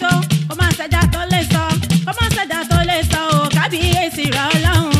tó ó máa ṣẹ̀dá tó lè sọ ó máa ṣẹ̀dá tó lè sọ ò kábíyèsí rẹ̀ ọlọ́run.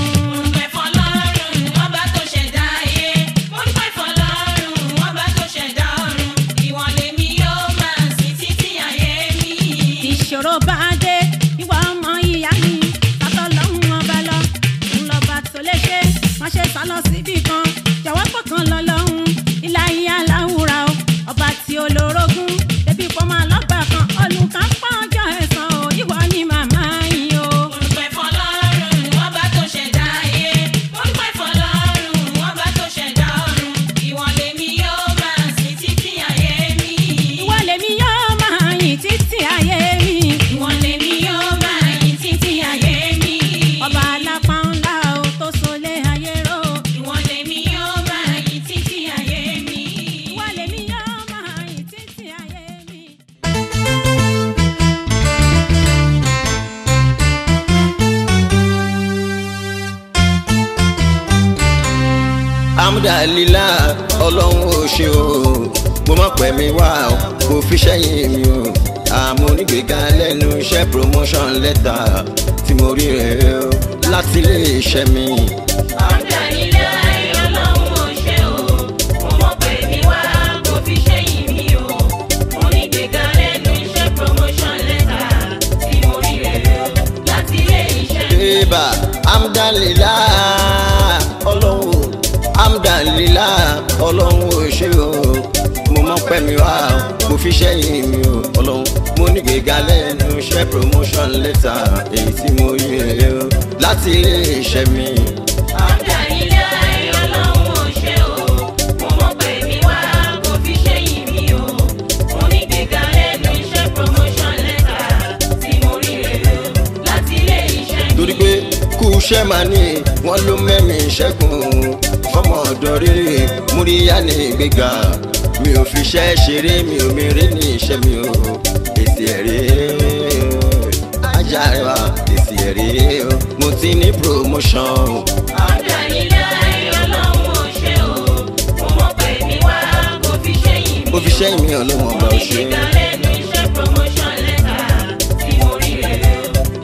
onígbèéga lẹ́nu iṣẹ́ promotion letter tí mo rí rẹ̀ o lẹ́nu iṣẹ́ promotion letter tí mo rí rẹ̀ o láti ilé iṣẹ́ mi. amdalila ọlọ́run amdalila ọlọ́run ṣe o ọlọ́run pẹ́ mi wá o mo fi ṣẹ́yìn mi o ọlọ́run mo ní gbéga lẹ́nu iṣẹ́ promotion letter èyí tí mo yí ẹ o láti ilé iṣẹ́ mi. ọ̀dà mi wá mo mi o mo ní gbéga lẹ́nu iṣẹ́ promotion letter tí mo rí ẹ o láti mi. torí pé kú iṣẹ́ màá ní wọ́n ló mẹ́mìí ṣẹ́gun fọmọ ọ̀dọ́ rírì múríyá ní gbéga mi ò fi iṣẹ́ ṣeré mi ò mèrè ní iṣẹ́ mi ò èsì ẹ̀rẹ́ ajá rẹwà èsì ẹ̀rẹ́ mo ti ní promotion. ọ̀dọ̀ ilé ọlọ́run ò o mo mọ̀ mi wá kò fi ṣẹ́yìn mi o. kò fi ṣẹ́yìn mi ọlọ́run ọba ò mo ní kíkà lẹ́nu iṣẹ́ promotion lẹ́tà tí mo rí rẹ̀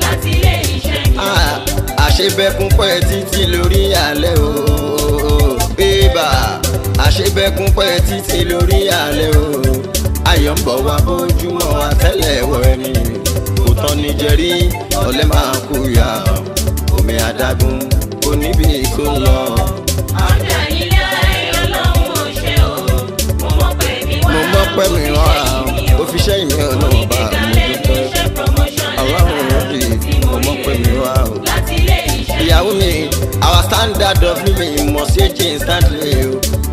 láti ilé iṣẹ́ mi. Ah, àṣebẹ̀kún pẹ́ títí lórí alẹ́ o bébà àṣebẹ̀kún pẹ́ títí lórí alẹ́ o ayọ̀ ń bọ̀ wá bójúmọ́ àtẹ́lẹ̀wọ̀ ẹni kò tán ní jẹrí ọ̀lẹ máa kú yá omi adágún kò níbi tó lọ. ọ̀dà o mo mọ̀ pé mi wá mo mọ̀ pé mi wá o fi ṣẹ́ ìmí ọ̀nà ọba mi dúpẹ́ ọlọ́run òbí mo mọ̀ pé mi wá o. ìyàwó mi our standard of living must change instantly o.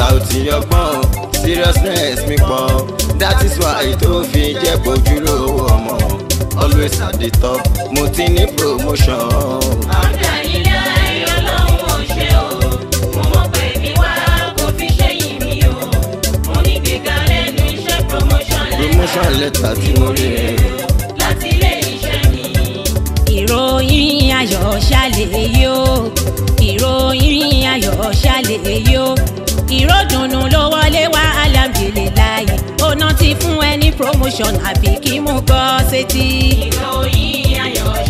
Out in your ọgbọ́n seriousness me pọ̀ that is why tó fi jẹ́ bójúlò Omo. always at the top mo ti ní promotion. ọ̀dà ilé ayé ọlọ́run ò ṣe o mo mọ̀ pé mi wá kò fi promotion promotion letter tí mo rí rẹ̀. láti ilé iṣẹ́ mi. ìròyìn ayọ̀ ṣàlẹ̀ yìí o ìròyìn ayọ̀ ṣàlẹ̀ yìí ìròdùnnú ló wọlé wá alhamdulilayi ọ̀nà ti fún ẹni promotion àbí kí mú gbọ́ sétí. ìròyìn ayọ̀ ṣe.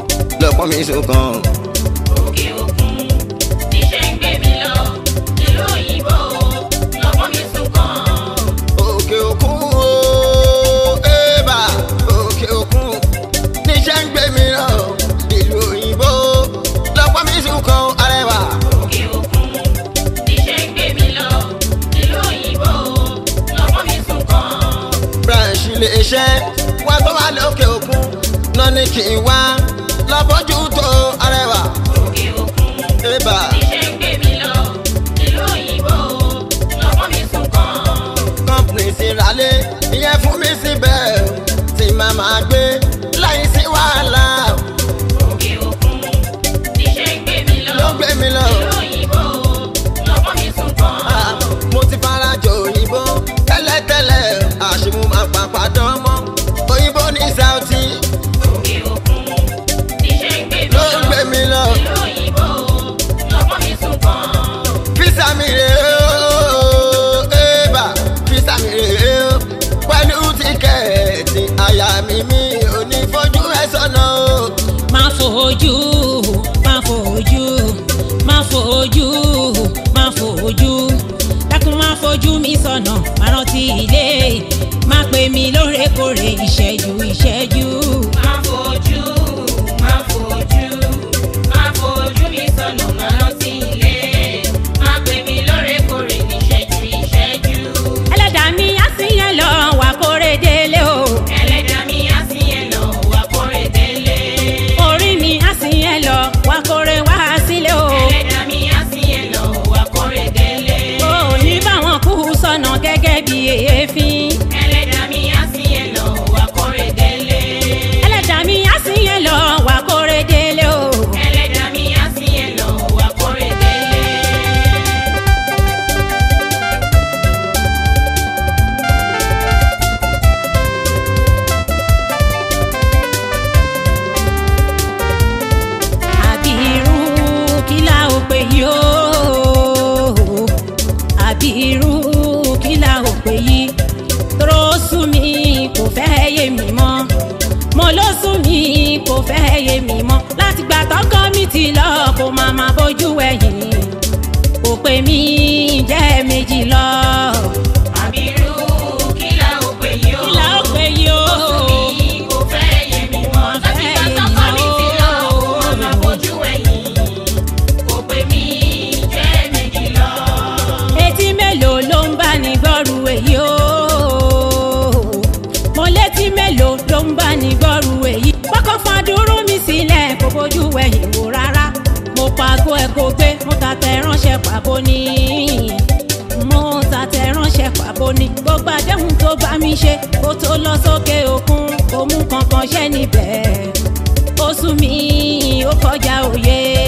fọ́ mi ṣùgbọ́n. òkè mi lọ ìlú òyìnbó lọ́pọ̀ mi ṣùgbọ́n. òkè òkun o mi lọ ìlú òyìnbó lọ́pọ̀ mi ṣùgbọ́n arẹwà. òkè mi lọ ìlú òyìnbó lọ́pọ̀ mi ṣùgbọ́n. branch ilé iṣẹ́ wàá tó wà lókè òkun ọ̀nà máa rántí ilé má pè mí lóòrèkóòrè ìṣẹ́jú yìí. ni mo tàtẹ̀ránṣẹ́ pàbó ni gbogbo àdéhùn tó bá mi ṣe kó tó lọ sókè òkun kò mú kankan ṣẹ́ níbẹ̀ ó sú mi ó kọjá òye.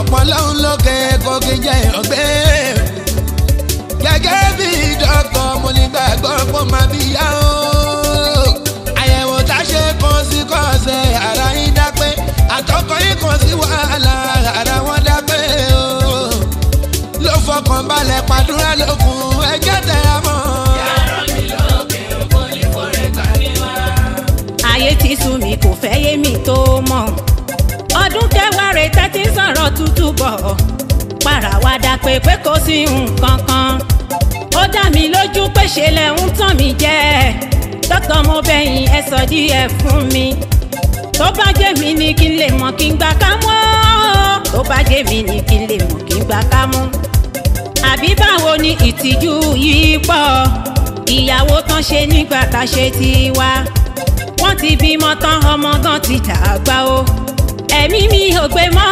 ọ̀pọ̀lọ́hún lókè kókè jẹ́ ọ̀gbẹ́ gẹ́gẹ́ bí dọ́kọ̀ mo ní gbàgbọ́ kó máa bí yá o àyẹ̀wò tá a ṣe kan sí kọ́ọ̀sẹ̀ ara yín dápẹ́ àtọkọ yín kan sí wàhálà ara wọn dápẹ́ o ló fọkàn balẹ̀ pàdúrà lókun ẹjẹ́ tẹ̀ ẹ́ mọ́. yàrá mi lókè ayé ti sú mi kò fẹ́ yé mi tó mọ̀ ọdún kẹwàá rẹ̀ tẹ́tí sọ̀rọ̀ tútù bọ̀ parawada pé pé kò sí nǹkan kan ó dá mi lójú pé ṣe lẹ ń tàn mí jẹ dókítà mo bẹ̀yìn ẹ sọ díẹ̀ fún mi tó bá jẹ́ mi ni kí n lè mọ̀ kí n gbà ká mọ́ tó bá jẹ́ mi ni kí n lè mọ̀ kí n gbà ká mọ́ àbí báwo ni ìtìjú yìí pọ̀ ìyàwó tán ṣe nígbà tá ṣe ti wá wọ́n ti bímọ tán ọmọ gan ti dàgbà o ẹ̀mí mi ò gbé mọ́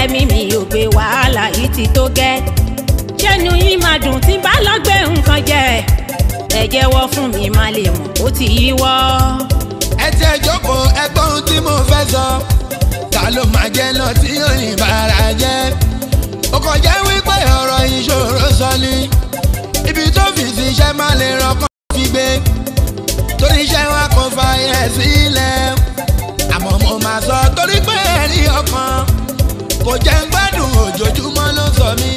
ẹ̀mí mi ò gbé wàhálà yìí ti tó gẹ́ ṣẹ́nu yìí máa dùn tí bá lọ nǹkan jẹ ẹ jẹ́wọ́ fún mi má lè mọ̀ ó ti yíwọ́. ẹ ti ẹ jókòó ẹ gbọ́ ohun tí mo fẹ́ sọ ta ló máa jẹ́ lọ tí yóò jẹ́ ó kọjá wípé ọ̀rọ̀ ìṣòro sọ ni ibi tó fi ṣiṣẹ́ má lè rọ́kàn fi gbé torí iṣẹ́ wa kò fààyè sílẹ̀ àmọ́ mo máa sọ torí pé ẹ̀rí ọkàn kò jẹ́ ń gbádùn ojoojúmọ́ ló sọ mí.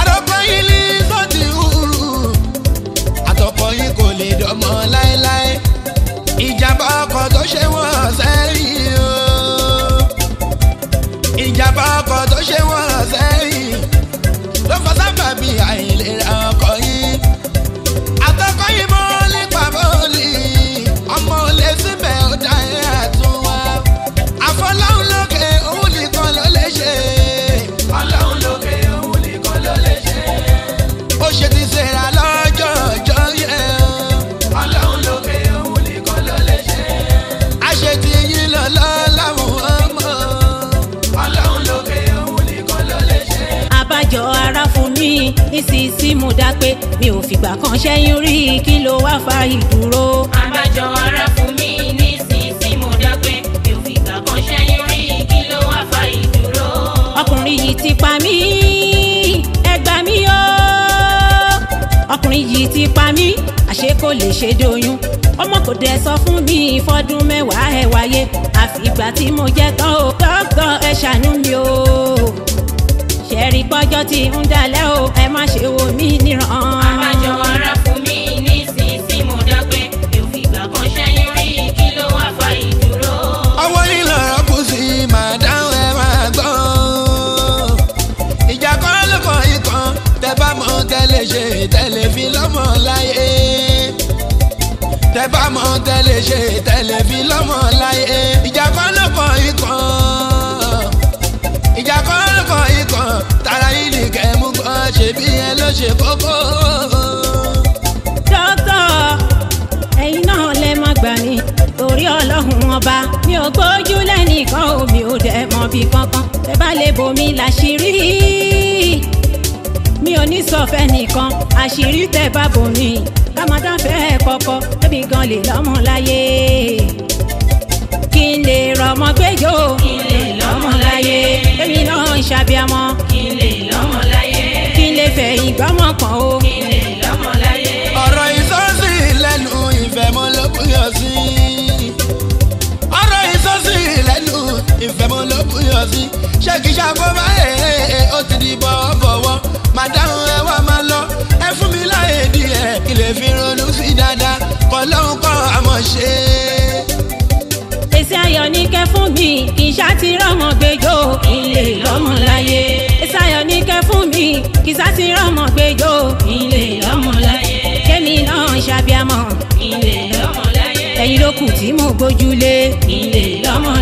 àdọ́kọ yín ní sọ́ọ̀tì hurú àtọkọ yín kò lè dọ́mọ láéláé ìjàmbá ọkọ̀ tó ṣe wọ́n ọ̀sẹ́. nísinsìnyí mo dá pé mi ò fìgbà kan ṣẹ́yìn rí kí ló wá fa ìdúró. àbájọ ara fún mi nísinsìnyí mo dá pé mi ò fìgbà kan ṣẹ́yìn rí kí ló wá fa ìdúró. ọkùnrin yìí ti pa mí ẹ gbà mí o ọkùnrin yìí ti pa mí àṣé kò lè ṣe doyún ọmọ kò dẹ̀ sọ fún mi ìfọdún mẹ́wàá ẹ wáyé àfìgbà tí mo jẹ́ tán o gbọ́gbọ́ ẹ ṣàánú mi o ṣẹ́rí pọ́jọ́ ti ń dalẹ̀ o ẹ má ṣe wo mí níran. àbájọ ara fún mi nísinsìnyí mo dápẹ́ mi ò fìgbà kan ṣẹ́yìn rí kí ló wá fa ìdúró. ọwọ́ nílò ọkùnrin sí màdáhùn ẹ máa gbọ́. ìjà kan ló kọ ikán tẹ bá mọ tẹ́lẹ̀ ṣe tẹ́lẹ̀ fi lọ́mọ láyé. tẹ bá mọ tẹ́lẹ̀ ṣe tẹ́lẹ̀ fi lọ́mọ láyé. ìjà kan ló kọ tara ìlì kẹ́mú kan ṣèbí yẹn ló ṣe kókó. dókítà ẹ̀yin náà lè má gbà mí torí ọlọ́run ọba mi ò gbójú lẹ́nìkan omi ò dẹ̀ mọ́ bí kankan ẹ bá lè bomi láṣìírí mi ò ní sọ fẹ́ nìkan àṣírí tẹ́ bá bomi kámọ́tà fẹ́ kọ́kọ́ ẹbí gan lè lọ́mọ láyé kí n lè rọmọ gbẹjọ kí n lè lọ́mọ láyé èmi náà ń ṣàbíamọ lọ́mọ láyé. kí lè fẹ́ ìgbọ́mọ̀ kan o. kí lè lọ́mọ láyé. ọ̀rọ̀ ìsọ́sì lẹ́nu ìfẹ́mọ́ ló búyọ̀ sí. ọ̀rọ̀ ìsọ́sì lẹ́nu ti di bọ̀wọ̀bọ̀wọ̀ màdáhùn ẹ wá máa lọ mi láyé díẹ̀ kí lè fi ronú sí dáadáa kọ́ lóhùn kọ́ àmọ̀ mi kì ti rọ́mọ gbẹjọ́ ilé lọ́mọ láyé kìsà ti rọmọ gbẹjọ. ilé lọmọ láyé. kémi náà ṣàbíamọ. ilé lọmọ láyé. ẹ̀yin ló kù tí mo gbójúlé. ilé lọmọ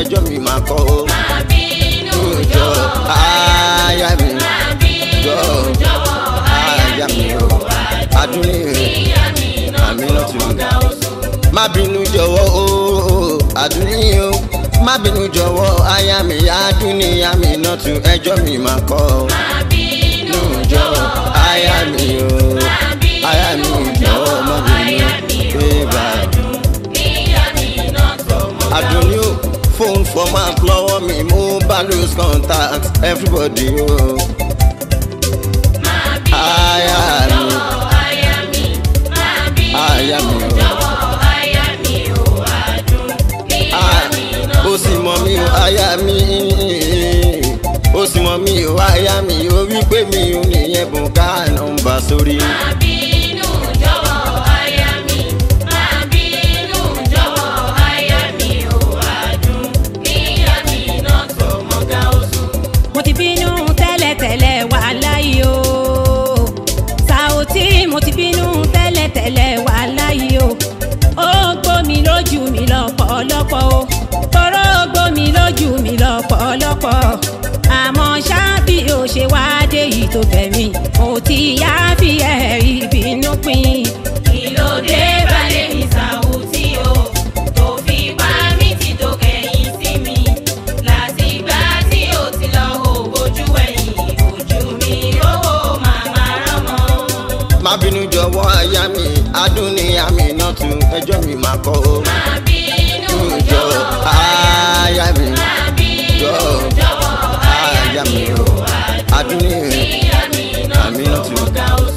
ẹjọ́ mi máa kọ́ o. Má bínú jọ aya mi. Má bínú jọ aya mi o. Adúlé rẹ̀ àmì lọ́tún. Má bínú jọ̀wọ́ o Adúlé o. Má bínú jọ̀wọ́ mi Adúlé àmì lọ́tún ẹjọ́ mi máa kọ́ o. Má bínú jọ aya mi o. phone for my lọ́wọ́ me move bá lose contact everybody oh, máa bí lọ́wọ́ I mi you. bí lọ́wọ́ you. mi ò adùn ní àmì náà. ó sì mọ mi ò aya mi ó sì mọ mi ò aya mi ó lọ́pọ̀lọpọ̀ àmọ́ ṣáàbì ò ṣe wá dé yìí tó fẹ̀mí mo ti yá fi ẹ̀ ìbínú pin. kí ló dé balẹ̀ ní Saoty o tó fi bá mi ti tó kẹ́yìn sí mi látìgbà tí o ti lọ hò bójú ẹ̀yìn ojú mi lówó màmá rọmọ. má bínú jọ̀wọ́ aya mi adùn ni àmì náà tún ẹjọ́ mi máa kọ́. má bínú jọ̀wọ́ aya mi. kúnlẹ̀ àmì náà ti mú ká ó.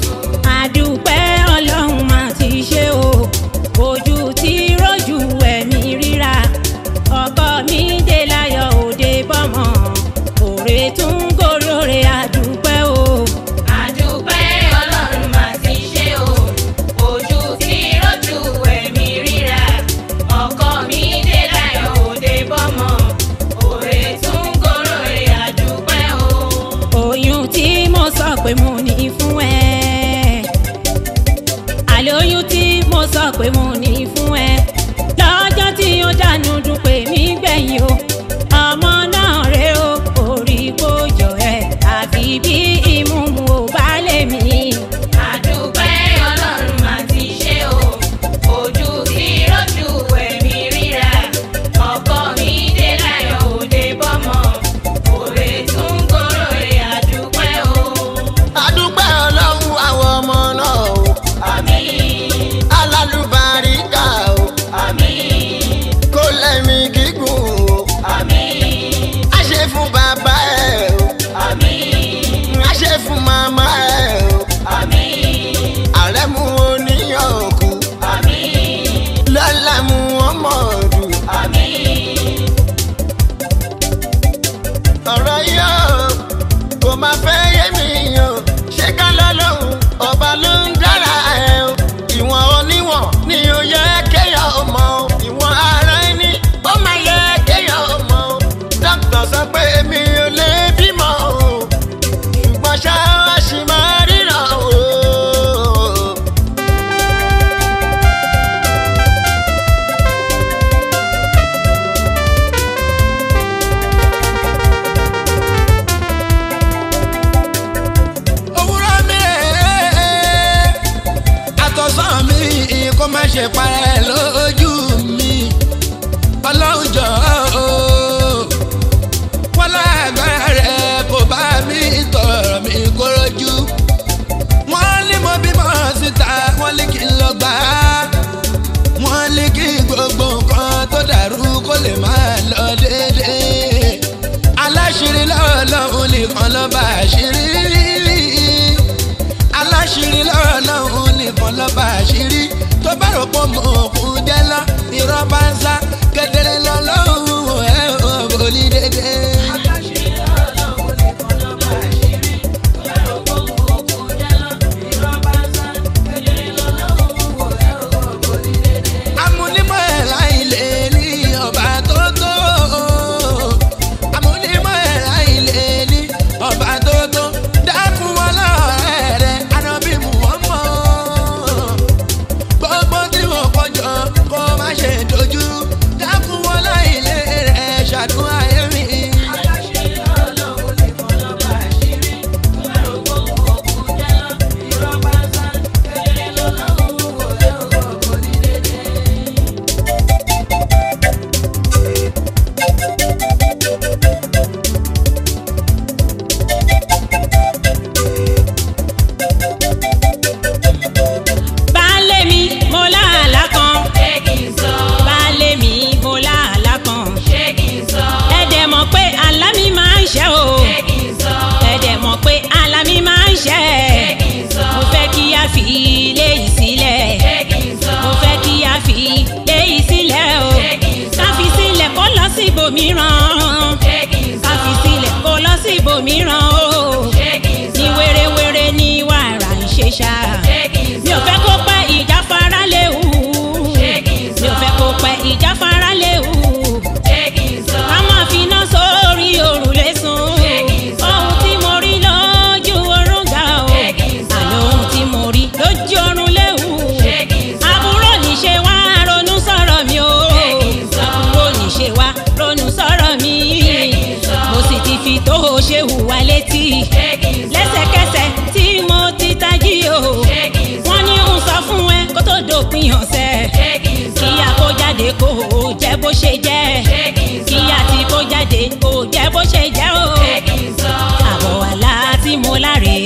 bó ṣe jẹ́ o. ṣé kí n sọ. àbọ̀ wà láti mú láre.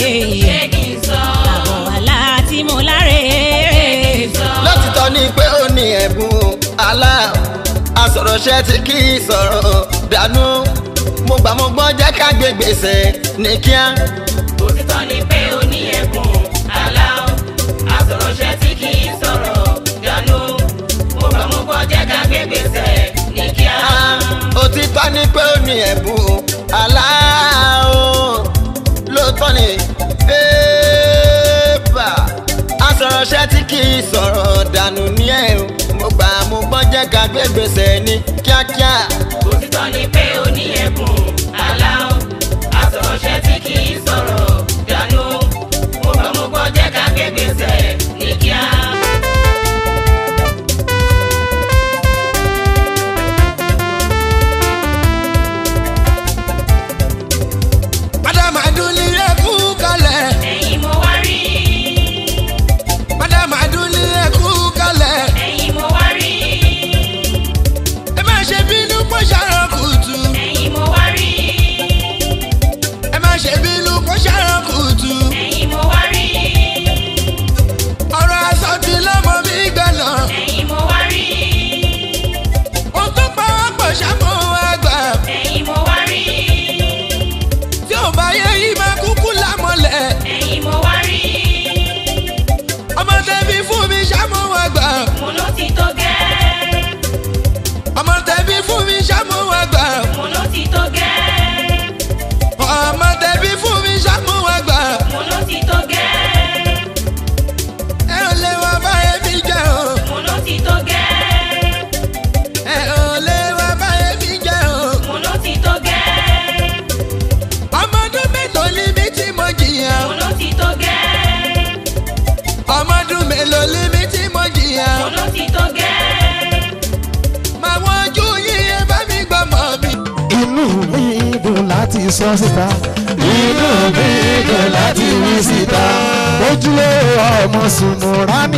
ṣé kí n sọ. àbọ̀ wà láti mú láre. ṣé kí n sọ. lọ́títọ́ ni pé ó ní ẹ̀bùn alá àsọ̀rọ̀ṣẹ́ tí kì í sọ̀rọ̀ dànù mo gbà mo gbọ́ jẹ́ ká gbé gbèsè ní kíá. òtítọ́ ni pé ó ní ẹ̀bùn alá àsọ̀rọ̀ṣẹ́ tí kì í sọ̀rọ̀ dànù mo gbà mo gbọ́ jẹ́ ká gbé gbèsè bá ní pé ó ní ẹ̀bùn aláàó lóòótọ́ ni bébà asọ̀rọ̀ṣẹ́ tí kì í sọ̀rọ̀ dànù ní ẹ̀ o mo gbà mo gbọ́ jẹ́ ká gbé gbèsè ni.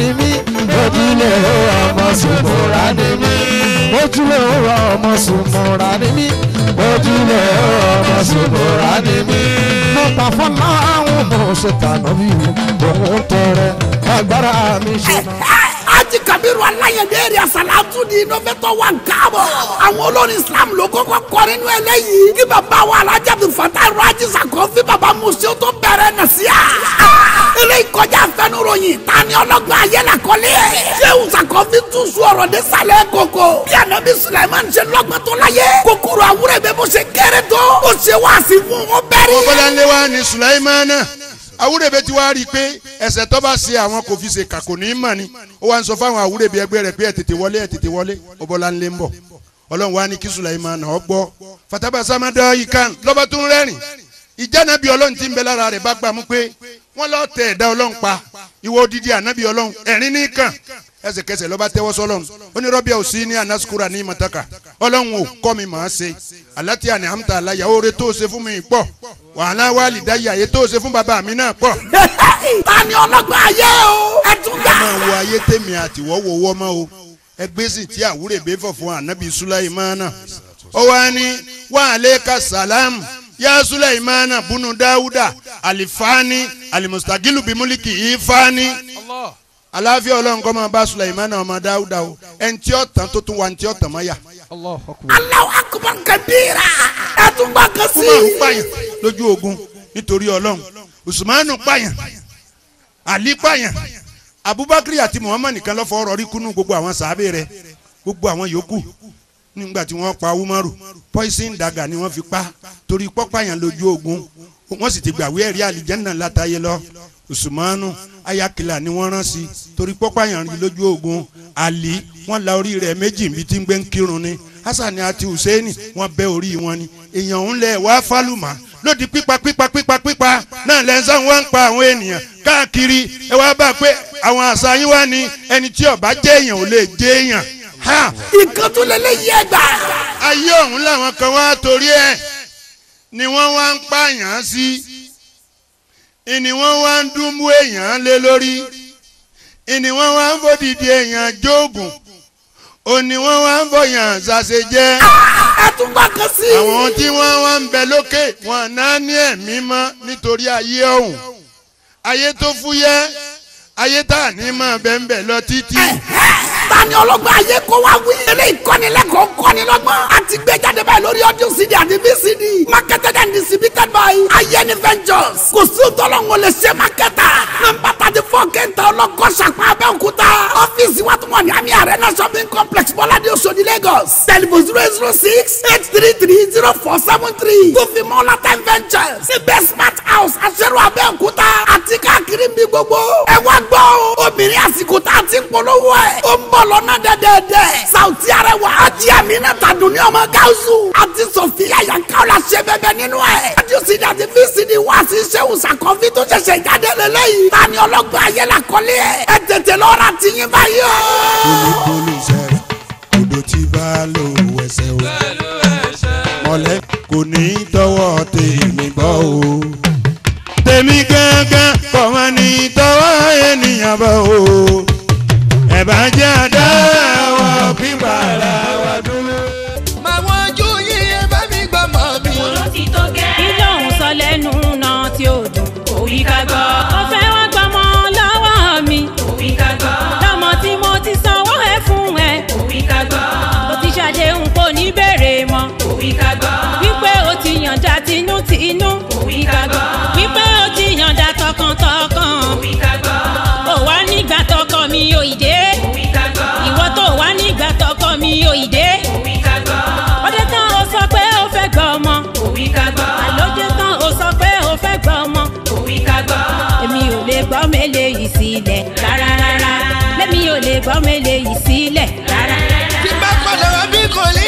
ni mí. Ojúlé òwò ọmọ sùnmùrà ni mí. Ojúlé òwò ọmọ sùnmùrà ni mí. Ojúlé òwò ọmọ sùnmùrà ni mí. Mo pa fún láwọn ọmọ ṣètànà mi òun tọrẹ agbára mi ṣe náà kabiru alayẹlẹ èrè asalatu di nọfẹtọ wa gaabọ. àwọn olórin islam ló kọ́kọ́ kọrin nínú eléyìí. kí baba wa alhaji abdulfatah rajisa kọ́ fi baba musu tó bẹ̀rẹ̀ nàṣíà eré ìkọjá fẹnuròyìn tani ọlọ́gbọ́n ayé la kọ́lé ẹ̀. sehu sakọfi tún sún ọ̀rọ̀ de sálẹ̀ koko. bí anabi sulaiman ṣe lọ́gbọ́n tó la yẹ. kòkòrò àwúrẹ́ bẹ bó ṣe kéré tó. ó ṣe wá sí fún wọn bẹ́ẹ̀rẹ̀. ó bọ́lá lé wa ni sulaiman náà awúrẹ́bẹ ti wá rí i pé ẹsẹ̀ tó bá ṣe àwọn kò fi ṣe kàkò ní mọ̀ ni ó wá ń sọ fáwọn awúrẹ́bẹ ẹgbẹ́ rẹ̀ pé ẹ tètè wọlé Sulaiman náà gbọ́ fatabasama dọ́ ikan lọ́ba tó ń rẹ́rìn ìjánabi ọlọ́run ti ń bẹ lára rẹ̀ bá gbàmú pé wọ́n lọ tẹ ẹ̀dá ọlọ́run pa ìwọ odidi anabi ọlọ́run ẹ̀rín ní kàn ẹsẹ̀kẹsẹ̀ lọ́ba tẹ́wọ́ sọlọ́run onírọ́bíà ò sí ní anaskura ní mataka ọlọ́run ò kọ́ mi màá ṣe aláti àní amúta aláya oore tó ṣe fún mi pọ̀ wàhálà wàlì dáyà yẹ tó ṣe fún bàbá mi náà pọ̀. ta ni ọlọ́gbọ́n ayé o ẹ tún gbà. ẹ wo ayé tèmi àtiwọ́wọ́ wọ́mọ́ o ẹgbẹ́ sì ti àwúrẹ̀ bẹ́fọ̀ fún ànábì sulaimana ọwọ́ á ní wàhálẹ́ ka ya Sulaimana bunu Dawuda alifani alimustagilu bimuliki ifani aláfíà ọlọ́run kọ́ máa bá Sulaimana ọmọ Dawuda o ẹnití ọ̀tàn tó tún wa ẹnití ọ̀tàn máa yà. Allahu akbar kabira ẹtùgbà kan sí. Umaru pààyàn lójú ogun nítorí ọlọ́run Usmanu pààyàn Ali pààyàn Abubakar àti Muhammad nìkan ló fọwọ́ rọrí kúnú gbogbo àwọn sàábẹ̀ rẹ̀ gbogbo àwọn yòókù nígbà tí wọ́n pa Umaru poison dagger ni wọ́n fi pa torí pọ́páyàn lójú ogun wọ́n sì ti gbàwé ẹ̀rí àlìjẹ́nà látayé lọ Usmanu ayakila ni wọ́n rán sí torí pọ́páyàn rí lójú ogun Ali wọ́n la orí rẹ̀ méjì níbi tí ń gbé ń kírun ni Hasani àti Husaini wọ́n bẹ́ orí wọn ni èèyàn ń lẹ̀ wá fálùmá lódì pípa pípa pípa pípa náà lẹ́sán wọ́n ń pa àwọn ènìyàn káàkiri ẹ wá bá pé àwọn àṣà yín wá ní ẹni tí ó jẹ́ èèyàn ò lè jẹ́ èèyàn nǹkan tún lélẹ́ yẹ gbà. ayé ọ̀hún làwọn kan wá torí ẹ̀ ni wọ́n wá ń pààyàn sí ni wọ́n wá ń dúnbú èèyàn lé lórí ni wọ́n wá ń fòdìdí èèyàn jóògùn òní wọ́n wá ń bọ̀yàn ṣàṣe jẹ́. Ah! ẹ tún gbà kan sí. àwọn tí wọ́n wá ń bẹ lókè wọn náà ní ẹ̀mí mọ́ nítorí ayé ọ̀hún ayé tó fúyẹ́ ayé tá à ní máa bẹ́ẹ̀ bẹ́ẹ̀ lọ títí tani ọlọ́gbọ́n ayé kó wa wí. eré ìkọ́nilẹ́kọ̀ọ́ kọ́nilọ́gbọ́n. a ti gbé jáde báyìí lórí audio CD àti VCD. marketed and distributed by Ayeni Ventures. kò sí ìtọ́lọ́ngọ́ lè ṣe mákẹ́tà. nọ́mbà tàbí fọ́ọ̀kẹ́ntà ọlọ́kọ́ ṣàpá abẹ́òkúta mọ̀ ní àmì arena shopping complex bọ́ládé oṣòdì lagos telephone zero zero six eight three three zero four seven three tó fi mọ́ ọlátẹ́ ventures the best smart house aṣẹ́rù abẹ́òkúta àti káàkiri ń bí gbogbo ẹ wá gbọ́ obìnrin àsìkò tá a ti ń polówó ẹ̀ ó ń bọ̀ lọ́nà dẹ́dẹ́dẹ́ sauti arẹwà àti amina tàdúní ọmọ gáúsù àti sofia yankaola ṣe bẹbẹ nínú ẹ̀ adiosin àti vcd wá sí sẹ́wọ̀n sàkọ́fí tó ṣẹ̀ṣẹ̀ jáde lélẹ́yìí tani ọlọ́gbọ́n ayẹlẹ́ àkọlé ẹ̀ ẹ tètè lọ́ra tìyín báyìí o olùkólùsẹ̀ odò tí bàálù ẹsẹ̀ o mọ̀lẹ́ kò ní tọwọ́ tèmi bọ́ o tèmi gángan kò má wa dúró. màwọn ojú yìí ẹ bá mi gbọ́ mọ́ mi. mo ló ti bínú. òwì ká gbọ́. wípé ó ti yànda tọkàntọkàn. òwì ká gbọ́. wá nígbà tọkọ mi yóò ìdè. òwì ká gbọ́. ìwọ tó wá nígbà tọkọ mi yóò ìdè. òwì ká gbọ́. ọdẹ tán ó sọ pé ó fẹ́ gbọ́ ọmọ. òwì ká gbọ́. àlọ́dẹ tán ó sọ pé ó fẹ́ gbọ́ ọmọ. òwì ká gbọ́. èmi ò lè gbọ́ mélé yìí sílẹ̀ rárá lẹ́mi ò lè gbọ́ mélé yìí sílẹ̀ rárá bí bá padà wá bí kò lè.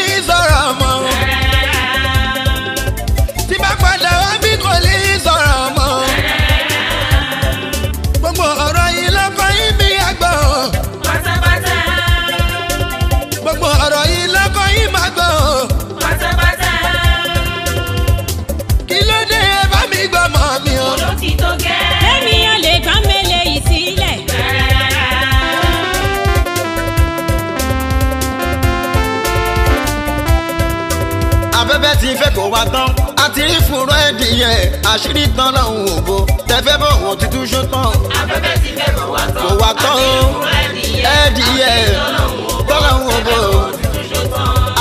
ẹ̀ àṣírí tán lọ́hùn òbó tẹ́fẹ́ bọ̀ wọ́n ti tún afẹ́fẹ́ ti fẹ́ kò wá tán. kò wá tán o ẹ̀ẹ́dì ẹ̀ tán lọ́hùn òbó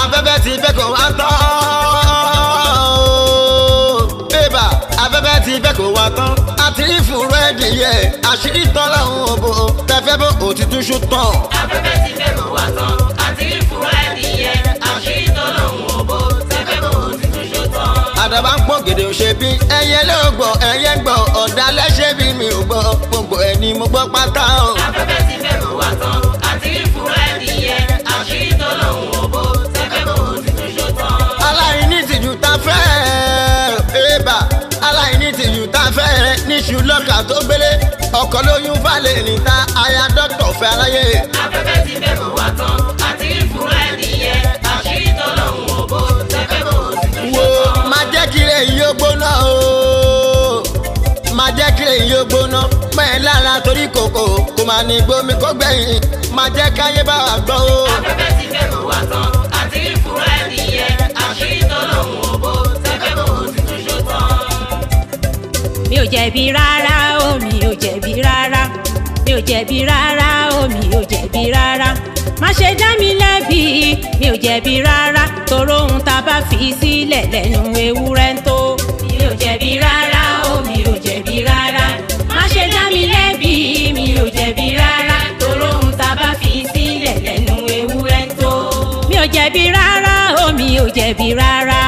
afẹ́fẹ́ ti fẹ́ kò wá tán o bébà afẹ́fẹ́ ti fẹ́ kò wá tán àti ìfún rẹ́ẹ̀dì ẹ̀ àṣírí tán lọ́hùn òbó tẹ́fẹ́ bọ̀ òtítù ṣótán. afẹ́fẹ́ ti fẹ́ kò wá tán. ọ̀dọ̀ bá ń pọ̀ gèdè ò ṣe bí ẹyẹ ló gbọ́ ẹyẹ gbọ́ ọ̀dàlẹ̀ ṣe bí mi ò gbọ́ gbogbo ẹ̀ ni mo gbọ́ pátá o. afẹ́fẹ́ ti fẹ́ mú wa tán àti ìfúnra ẹ̀dìyẹ àṣírí tó òbó tẹ́fẹ́ mọ́ òtútù ṣó tán. aláìní tìjú ta fẹ́ ẹ̀ẹ́bà aláìní tìjú ta fẹ́ níṣu lọ́kà tó gbélé ọkọ̀ lóyún falẹ̀ níta aya dọ́kítọ̀ fẹ́ aláyé. afẹ́fẹ́ ti fẹ́ mú wa tán àti ìf èyí ó gbóná o má jẹ́ kí èyí ó gbóná mẹ́ẹ̀ lára torí kòkò kò má ní gbómi kó gbẹ̀yìn má jẹ́ káyé bá wà gbọ́ o. afẹ́fẹ́ ti fẹ́ mú wa tán àti ìfura ẹni yẹn àṣírí tọ́lọ́hún òbó tẹ́fẹ́ mọ́ òtútù ṣó tán. mi ò jẹ̀bi rárá o mi ò jẹ̀bi rárá mi ò jẹ̀bi rárá o mi ò jẹ̀bi rárá má ṣe dá mi lẹ́bi mi ò jẹ̀bi rárá toro ohun tá a bá fi sílẹ̀ lẹ́nu ewúrẹ́ ń tó. mi ò jẹ̀bi rárá o mi ò jẹ̀bi rárá má ṣe dá mi lẹ́bi mi ò jẹ̀bi rárá toro ohun tá a bá fi sílẹ̀ lẹ́nu ewúrẹ́ ń tó. mi ò jẹ̀bi rárá o mi ò jẹ̀bi rárá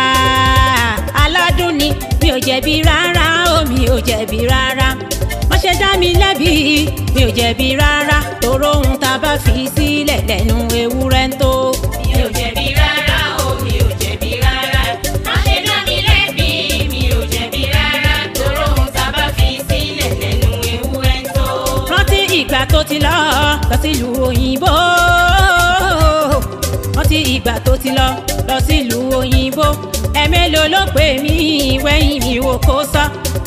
aládùn ni mi ò jẹ̀bi rárá o mi ò jẹ̀bi rárá má ṣe dá mi lẹ́bi mi ò jẹ̀bi rárá toro ohun tá a bá fi sílẹ̀ sílẹ̀ lẹ́nu ewúrẹ́ ń tó. mi ò jẹ̀bi rárá o mi ò jẹ̀bi rárá má ṣe dá mi lẹ́bi mi ò jẹ̀bi rárá tóró ohun tá a bá fi sílẹ̀ lẹ́nu ewúrẹ́ ń tó. rántí ìgbà tó ti lọ lọ sílùú òyìnbó rántí ìgbà ló pè mí wẹ́yìn mi wò kó sọ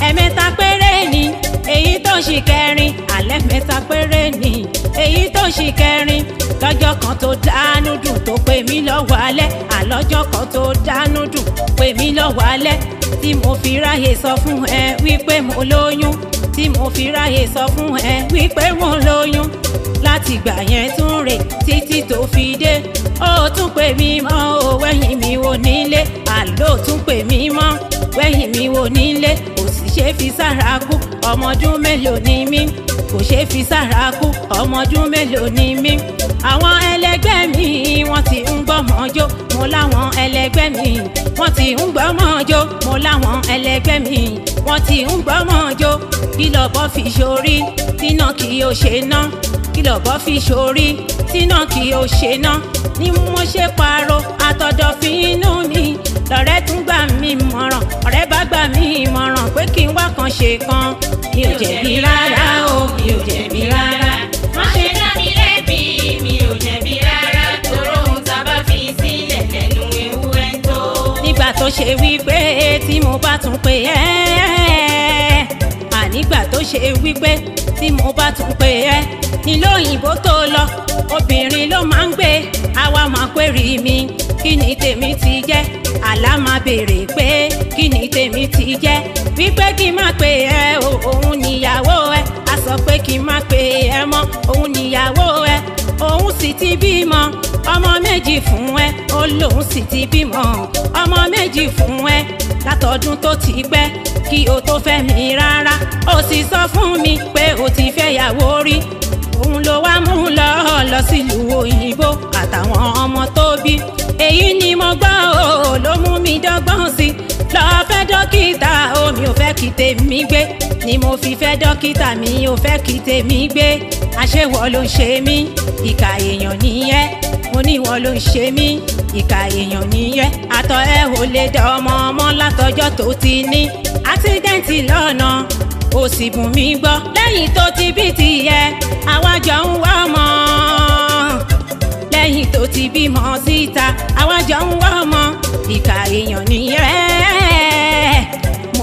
ẹ̀mẹ́ta péré ni èyí tó ṣì kẹrin alẹ́ mẹ́ta péré ni èyí tó ṣì kẹrin lọ́jọ́ kan tó dánú dùn tó pè mí lọ́wọ́ alẹ́ àlọ́jọ́ kan tó dánú dùn pè mí lọ́wọ́ alẹ́ tí mo fi ráyè sọ fún ẹ wípé mo lóyún tí mo fi ráyè sọ fún ẹ wípé mo lóyún látìgbà yẹn tún rè títí tó fi dé ó tún pè mí mọ́ o wẹ́yìn mi wò nílé àló tún pè mí mọ́ wẹ́yìn mi wò nílé kò ṣe fi sára kú ọmọdún mélòó ni mí kò ṣeé fi sára kú ọmọ ọdún mélòó ni mí àwọn ẹlẹgbẹ́ mi wọ́n ti ń gbọ́mọ jó mo láwọn ẹlẹgbẹ́ mi wọ́n ti ń gbọ́mọ jó mo láwọn ẹlẹgbẹ́ mi wọ́n ti ń gbọ́mọ jó kí lọ́bọ́ fi ṣorí tíná kí o ṣe ná kí lọ́bọ́ fi ṣorí tíná kí o ṣe ná ni mo ṣe pààrọ̀ àtọ̀dọ̀ fi inú mi lọ̀rẹ́ tún gbà mí mọ̀ràn ọ̀rẹ́ bá gbà mí mọ̀ràn pé kí n wá kan ṣe kan mi ò jẹ̀bi rárá o ò jẹ̀bi rárá. má ṣe dá mi lẹ́bi mi ò jẹ̀bi rárá torí ohun tá a bá fi sílẹ̀ lẹ́nu ewu ẹ̀ tó. nígbà tó ṣe wípé tí mo bá tún pè ẹ́ ànígbà tó ṣe wípé tí mo bá tún pè ẹ́ nílò òyìnbó tó lọ obìnrin ló máa ń gbé àwa máa pèrè mi kí ni tèmi ti jẹ́ àlá máa béèrè pé kí ni tèmi ti jẹ́ wípé kí n má pè ẹ́ òun níyàwó ẹ sọ pé kí n má pe ẹ mọ́ òun níyàwó ẹ òun sì ti bímọ ọmọ méjì fún ẹ ó lóun sì ti bímọ ọmọ méjì fún ẹ látọdún tó ti pẹ́ kí o tó fẹ́ mi rárá ó sì sọ fún mi pé o ti fẹ́yàwó rí òun ló wá mú lọ lọ sílùú òyìnbó àtàwọn ọmọ tó bí èyí ni mo gbọ́ ò ló mú mi dọ́gbọ́n sí i lọ fẹ́ dókítà o mi ò fẹ́ kí tèmi gbé ni mo fi fẹ́ dókítà mi ò fẹ́ kí tèmi gbé àṣewọ ló ń ṣe mí ìkà èèyàn nìyẹn mo ní ìwọ ló ń ṣe mí ìkà èèyàn nìyẹn àtọ̀ ẹ ò lè dá ọmọ ọmọ látọjọ́ tó ti ní àtidẹ́ǹtì lọ́nà ó sì bùn mí gbọ́ lẹ́yìn tó ti bí tìyẹ àwa jọ ń wá ọmọ lẹ́yìn tó ti bímọ síta àwa jọ ń wá ọmọ ìkà èèyàn nìyẹn.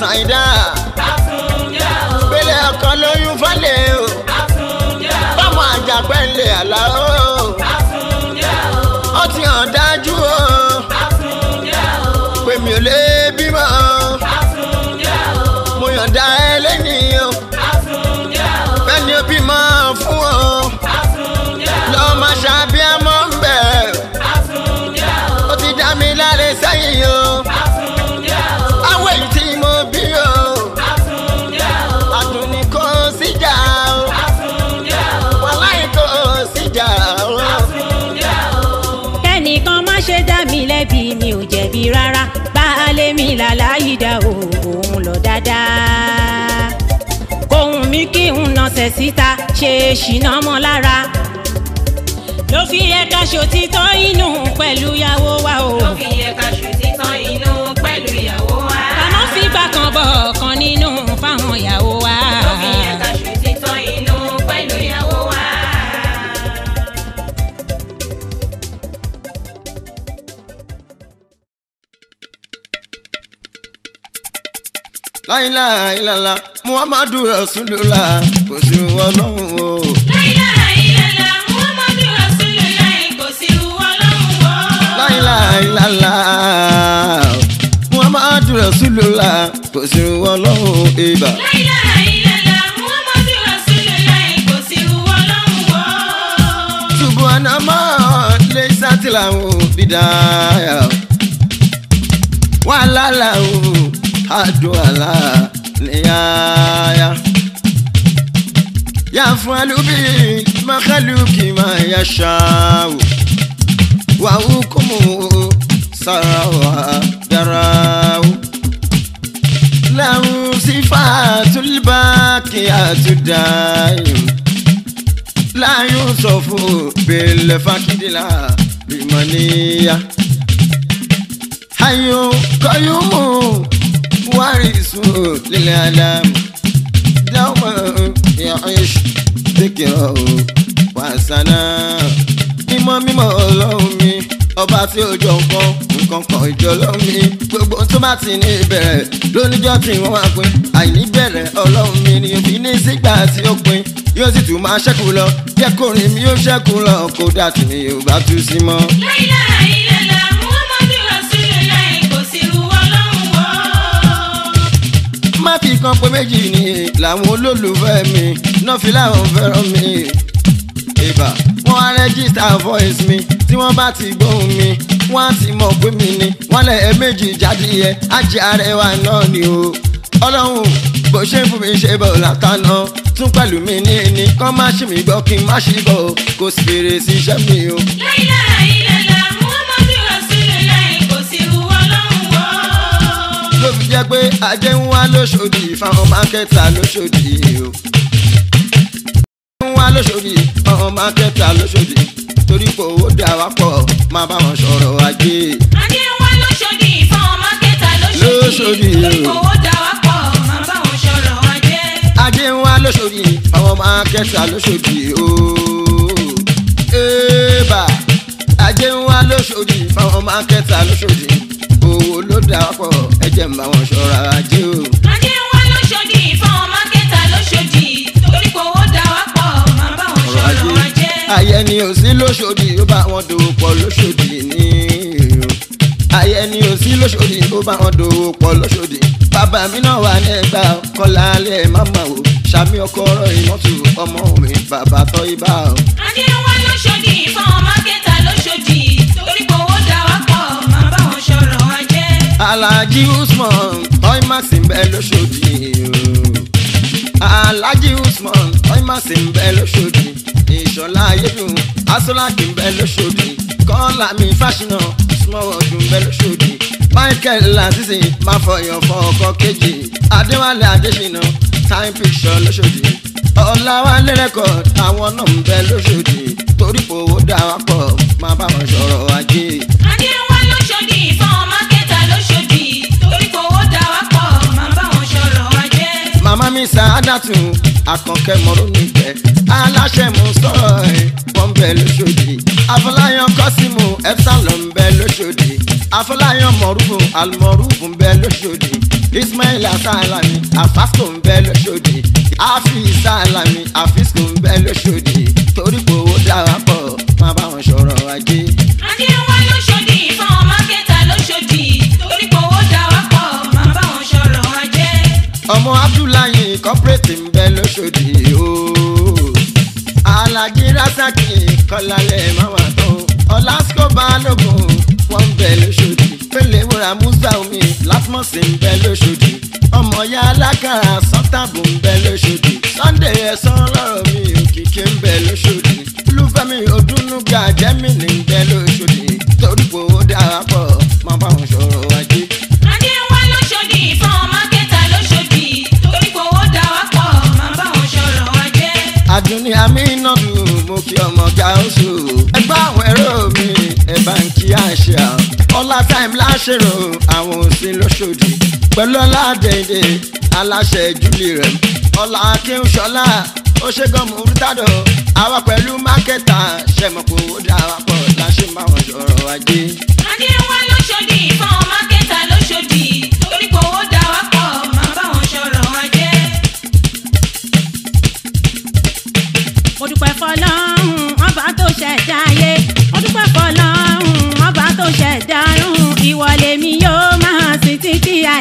サイダー rẹ̀ síta ṣe é ṣìnà mọ́ lára ló fi yẹ ká ṣòtítọ́ inú pẹ̀lú ìyàwó wa o. ló fi yẹ ká ṣòtítọ́. láìlá ìlàlá muhammadu rasulullah kò sí ọlọ́run o. láìlá ìlàlá muhammadu rasulullah kò sí ọlọ́run o. láìlá ìlàlá muhammadu rasulullah kò sí ọlọ́run o. ìbà. láìlá ìlàlá muhammadu rasulullah kò sí ọlọ́run o. subhana ma lè sátìlà ò bìdá wàhálà làwọn àdúrà ní yáyá. يفعل به مخلوق ما يشاء وحكمه سواء يراه له صفات الباقيات الدائم لا يوصف بالفقد لا بمنية حي قيوم وارث للعالم دوما يعيش ذكره وسنا mímọ́ mímọ́ ọlọ́run mi ọba tí ó jọ nǹkan nǹkan kan ìjọ ọlọ́run mi gbogbo tó bá ti ní ìbẹ̀rẹ̀ lóníjọ́ tí wọ́n wá pin àìní bẹ̀rẹ̀ ọlọ́run mi ni òbí ní sígbà tí ó pin yóò sì tún máa ṣẹ́kù lọ jẹ́ kórìí mi yóò ṣẹ́kù lọ kó dà sí mi ò bá tú sí mọ́. láìláì má fi kan pé méjì ni làwọn olólùfẹ́ mi náà fi láwọn fẹ́ràn mi. ìbà wọn á rẹ́gísítà voice mi tí wọ́n bá ti gbóhùn mi wọ́n á ti mọ̀ pé mi ni wọ́n lẹ̀ ẹ́ méjì jáde yẹ ajé arẹwà náà ni o. ọlọ́run bó ṣe ń fún mi ṣe bọ̀ látàná tún pẹ̀lú mi ní ẹni kọ́ má ṣì mí gbọ́ kí n má ṣì bọ̀ kò sì fèrè sí iṣẹ́ mi o. yẹ́yẹ́. ló fi jẹ́ pé ajé ń wá lóṣòdì fáwọn mákẹ́tà lóṣòdì o. ajé ń wá lóṣòdì fáwọn mákẹ́tà lóṣòdì torí kò owó dà wá pọ̀ máa bá wọn sọ̀rọ̀ ajé. ajé ń wá lóṣòdì fáwọn mákẹ́tà lóṣòdì torí kò owó dà wá pọ̀ máa bá wọn sọ̀rọ̀ ajé. ajé ń wá lóṣòdì fáwọn mákẹ́tà lóṣòdì o. ẹ̀ẹ́bà ajé ń wá lóṣòdì fáwọn mákẹ́tà lóṣòdì owó ló dà pọ̀ ẹ jẹ́ ń bá wọn ṣọ́ra ajé o. ajé wa ló ṣòdì fáwọn mákẹ́tà ló ṣòdì torí kò owó dà wá pọ̀ máa bá wọn ayẹni ò sí lóṣòdì ó bá wọn dòwò pọ̀ lóṣòdì ní èrò ayẹni ò sí lóṣòdì ó bá wọn dòwò pọ̀ lóṣòdì bàbá mi náà wà ní ẹgbà kọ́lá màmá o sàmì ọkọ ọ̀rọ̀ ìmọ̀tò ọmọ mi bàbá tọ́ ibà o. ajé wa ló ṣòdì fáwọn mákẹ́tà alhaji usman toy maxim bẹ lóṣòdì o alhaji usman toy maxim bẹ lóṣòdì ìṣọlá ayédùn asolaki bẹ lóṣòdì kọ́lá mi fásinà small ọdún bẹ lóṣòdì michael lasisi máa fọyàn fọ ọkọ kejì adéwálé adésínà time picture lóṣòdì ọ̀làwálé record àwọn náà ń bẹ lóṣòdì torí fowó dà wá pọ̀ máa bá wọn sọ̀rọ̀ ajé. mami sàádàtù àkànkẹ́ mọ́rọ́ nífẹ̀ aláṣẹ mú sọ̀rọ̀ ẹ̀ wọ́n bẹ lóṣòdì afọláyàn kọ́símù epsilon bẹ lóṣòdì afọláyàn mọ̀rúfù àlùmọ̀rúfù bẹ lóṣòdì ismail asalami afasco ń bẹ lóṣòdì afi salami afisco ń bẹ lóṣòdì torí gbowó dára pọ̀ má bá wọn sọ̀rọ̀ ajé. ajé ọmọ abdullahi corporate ń bẹ lóṣòdì o alhaji rasaki kọlalẹ máma tán ọlásùkò balógun wọn ń bẹ lóṣòdì pélé wúrà musa omi lasmus ń bẹ lóṣòdì ọmọ ya alákàrà sọtàbù ń bẹ lóṣòdì sunday ẹsán dùnní àmì iná dùn mo kí ọmọ gàúsù ẹ bá àwọn ẹ̀rọ mi ẹ bá ń kí àṣà ọlá táìmù láṣẹrò àwọn òsín lóṣòdì pẹ̀lú ọlá dèndé aláṣẹ ìjúlì rẹ̀ ọlá akínṣọlá ó ṣe gọmù rútàdọ àwa pẹ̀lú mákẹ́tà ṣẹmọ̀kòwò dáwà pọ̀ láṣẹ máa wọ̀n jọrọ̀ ajé. adéwálé.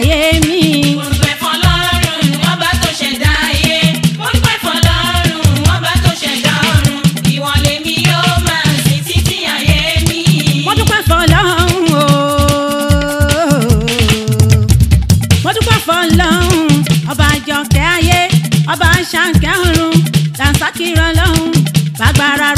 ayé mi. mo dúpẹ́ fọlọ́run ọba tó ṣẹ̀dá ayé mo dúpẹ́ fọlọ́run ọba tó ṣẹ̀dá ọ̀run ìwọ lèmi yóò máa mi. mo dúpẹ́ fọlọ́run o mo dúpẹ́ fọlọ́run ọba àjọkẹ́ ayé ọba àṣàkẹ́ ọ̀run dànsákìrọ̀ lọ́hùn bàgbára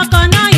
ọkọ̀ náà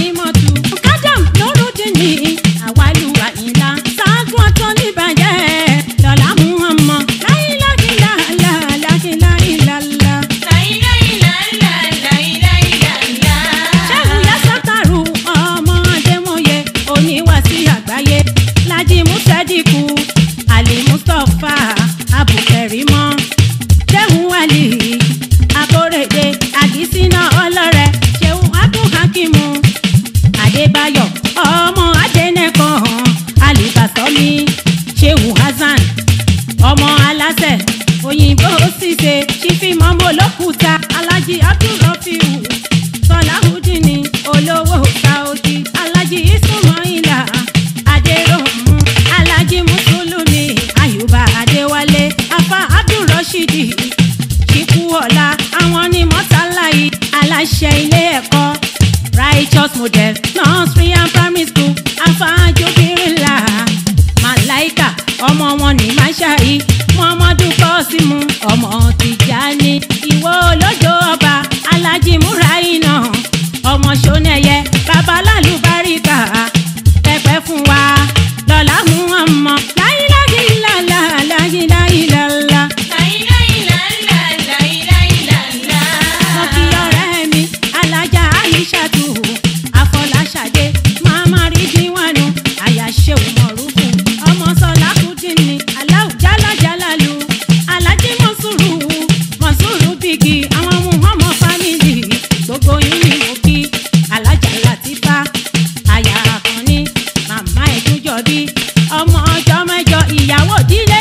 ìyàwó òdílé.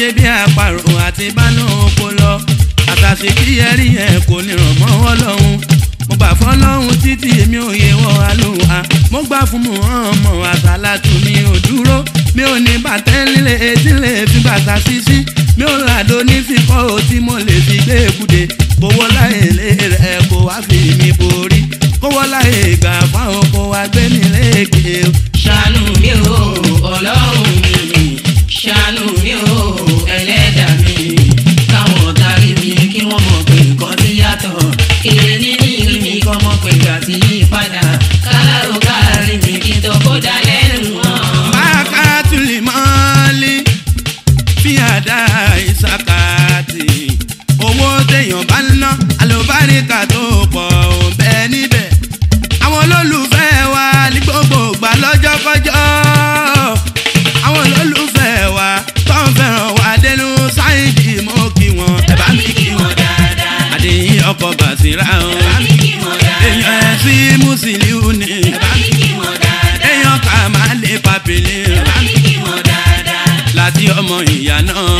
ṣe bí àparò àti bánú oko lọ àtàṣe tí ẹ ẹ kò ní ràn mọ́ ọlọ́run mo gbà fọ́ lọ́hùn títí mi ò yẹ wọ àlòhà mo gbà fún mu ọmọ àtàlàtù mi ò dúró mi ò ní bàtẹ́ líle etí lè fi bàtà sísí mi ò làdó ní fífọ́ o mo lè fi gbé èkúde kówó láyé lé rẹ̀ kó wá fi mi borí kówó láyé gbà fáwọn kó wá gbé mi léèké. ṣàánú mi ò ọlọ́run mi ṣàánú mi ò. áfíríkà tó pọ̀ òun bẹ́ẹ̀ níbẹ̀ àwọn olólùfẹ́ wa ní gbogbo ìgbà lọ́jọ́kọ́jọ́ àwọn olólùfẹ́ wa tó ń fẹ́ràn wa dénú sáyẹ́ǹdì mo kí wọn ẹ bá mi kí wọn dáadáa àdéhìn ọkọ̀ bàṣírà o èèyàn ẹ̀ sí mùsùlùmí ni èèyàn kà má lè pàpìlì láti ọmọ ìyá náà.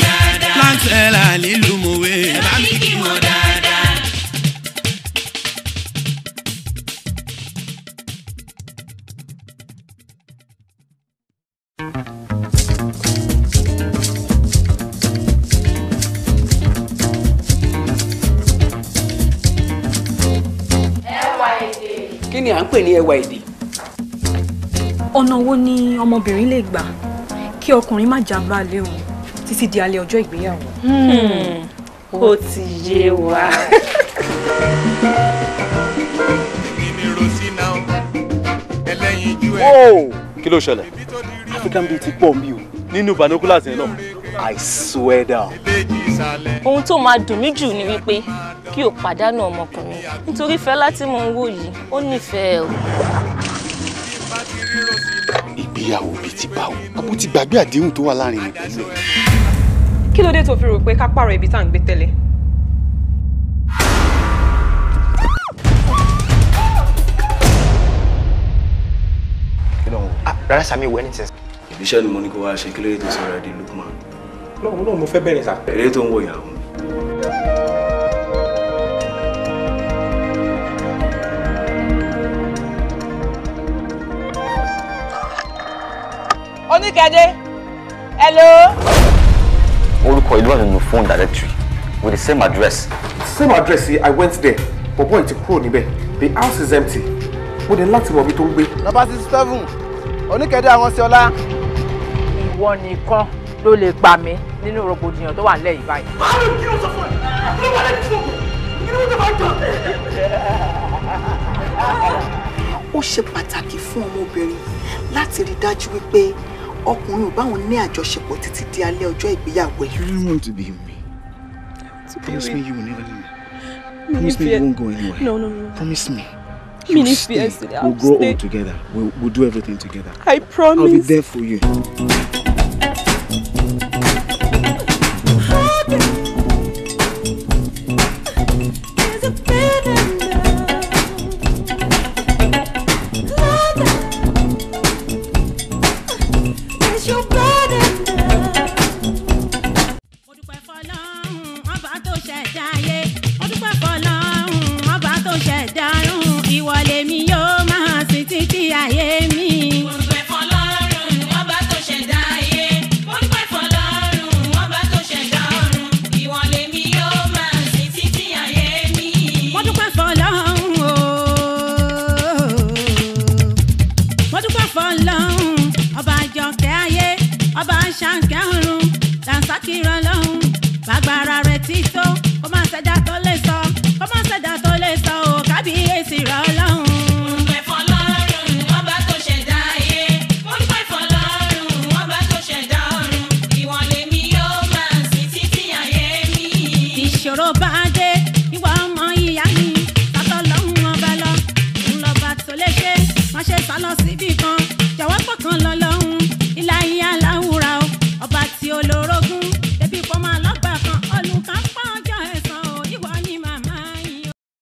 ní ẹwà èdè. ọ̀nà wo ni ọmọbìnrin lè gbà kí ọkùnrin má já balẹ̀ òun títí di alẹ́ ọjọ́ ìgbéyàwó. Hmm. ó ti yé wa. Oh! kí ló ṣẹlẹ̀ African beauty pọ̀ mí o nínú binoculars yẹn náà I swear down. ohun tó máa dùn mí jù ni wípé kí o pàdánù ọmọkùnrin nítorí Fẹlá tí mo ń wò yìí ó nífẹ̀ẹ́ o. ìgbéyàwó bíi ti báwo abó ti gbàgbé àdéhùn tó wà láàrin mi pẹ̀lú ẹ̀. kí ló dé tó fi rò pé ká pààrọ̀ ibi tá à ń gbé tẹ́lẹ̀. Ah, rárá sami wẹ ní sẹsẹ. iṣẹ́ ni mo ní kó wá ṣe kí lóye tó sọ̀rọ̀ ẹ̀ di Lukman. lọ́wọ́ náà mo fẹ́ bẹ̀rẹ̀ sà. eré tó ń wò yàrá oníkẹ́dé hello. orúkọ ìlú wà nínú phone directory with the same address. same address yìí i went there but boy ti kúrò níbẹ̀ the house is empty mo dé láti mọ̀ bí tó ń gbé. nọ́mbà sixty seven oníkẹ́dé àwọn sí ọlá. ìwọ nìkan ló lè pa mí nínú rògbòdìyàn tó wà nílẹ̀ yìí báyìí. máa ló kí ló sọ fún ẹ kí ló wà lẹ́yìn fún mi kí ló tó máa tán. ó ṣe pàtàkì fún ọmọbìnrin láti rí dájú wípé ọkùnrin ò báwọn ní àjọṣepọ̀ títí di alẹ́ ọjọ́ ìgbéyàwó ẹ̀. you really want to be with me to be promise with... me you will never leave me promise me, you won't go anywhere no, no, no. promise me you me stay we'll grow old together we'll, we'll do everything together I promise I'll be there for you.